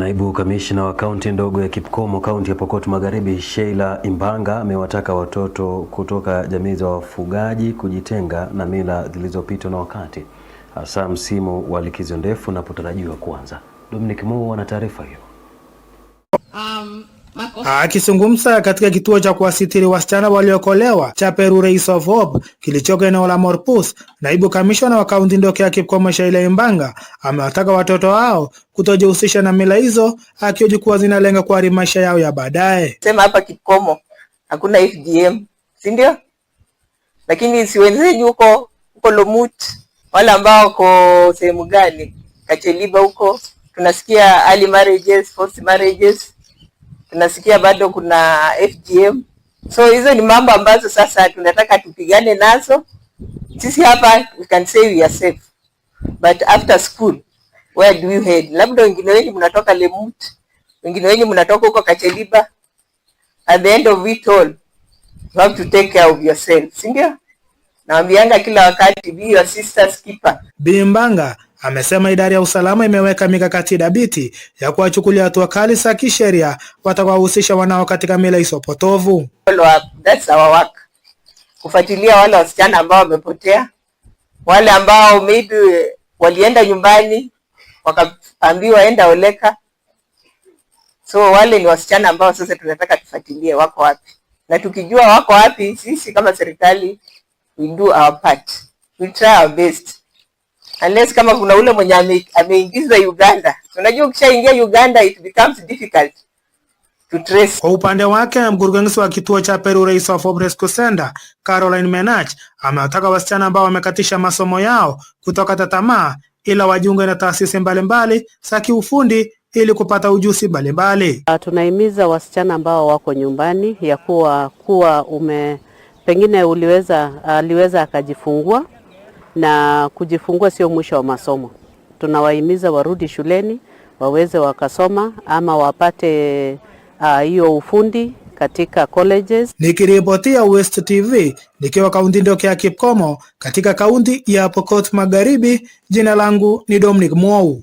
Naibu kamishna wa kaunti ndogo ya Kipkomo kaunti ya Pokot Magharibi, Sheila Imbanga amewataka watoto kutoka jamii za wafugaji kujitenga na mila zilizopitwa na wakati, hasa msimu wa likizo ndefu unapotarajiwa kuanza. Dominic mo ana taarifa hiyo. Um... Ah, akizungumza katika kituo cha kuwasitiri wasichana waliokolewa cha Peru Race of Hope kilichoko eneo la Morpus, naibu kamishona wa kaunti Ndoke Akipkomo Sheila Imbanga amewataka watoto hao kutojihusisha na mila hizo, akioji kuwa zinalenga kuharibu maisha yao ya baadaye. Sema hapa Kipkomo hakuna FGM, si ndio? Lakini si wenzenyu huko huko Lomut, wale ambao wako sehemu gani, Kacheliba huko tunasikia early marriages, forced marriages tunasikia bado kuna FGM. So hizo ni mambo ambazo sasa tunataka tupigane nazo. Sisi hapa we can say we are safe. But after school where do you head? Labda wengine wenyu mnatoka Lemut, wengine wenyu mnatoka huko Kacheliba. At the end of it all, you have to take care of yourself, si ndio? Naambianga kila wakati, be your sister's keeper. Bimbanga Amesema idara ya usalama imeweka mikakati dhabiti ya kuwachukulia hatua kali za kisheria watakaohusisha wanao katika mila hizo potovu. Kufuatilia wale wasichana ambao wamepotea, wale ambao maybe walienda nyumbani wakaambiwa enda Oleka. So wale ni wasichana ambao sasa tunataka tufuatilie wako wapi, na tukijua wako wapi, sisi kama serikali we do our part, we try our best unless kama kuna ule mwenye ame, ameingiza Uganda. Unajua ukishaingia Uganda it becomes difficult to trace. Kwa upande wake mkurugenzi wa kituo cha Peru, rais wa Fobresco Center Caroline Menach amewataka wasichana ambao wamekatisha masomo yao kutokata tamaa, ila wajiunge na taasisi mbalimbali za kiufundi ili kupata ujuzi mbalimbali. Ah, tunahimiza wasichana ambao wako nyumbani ya kuwa kuwa ume pengine uliweza aliweza ah, akajifungua na kujifungua sio mwisho wa masomo. Tunawahimiza warudi shuleni waweze wakasoma ama wapate ah, hiyo uh, ufundi katika colleges. Nikiripotia West TV nikiwa kaunti ndoke ya Kipkomo katika kaunti ya Pokot Magharibi, jina langu ni Dominic Mwau.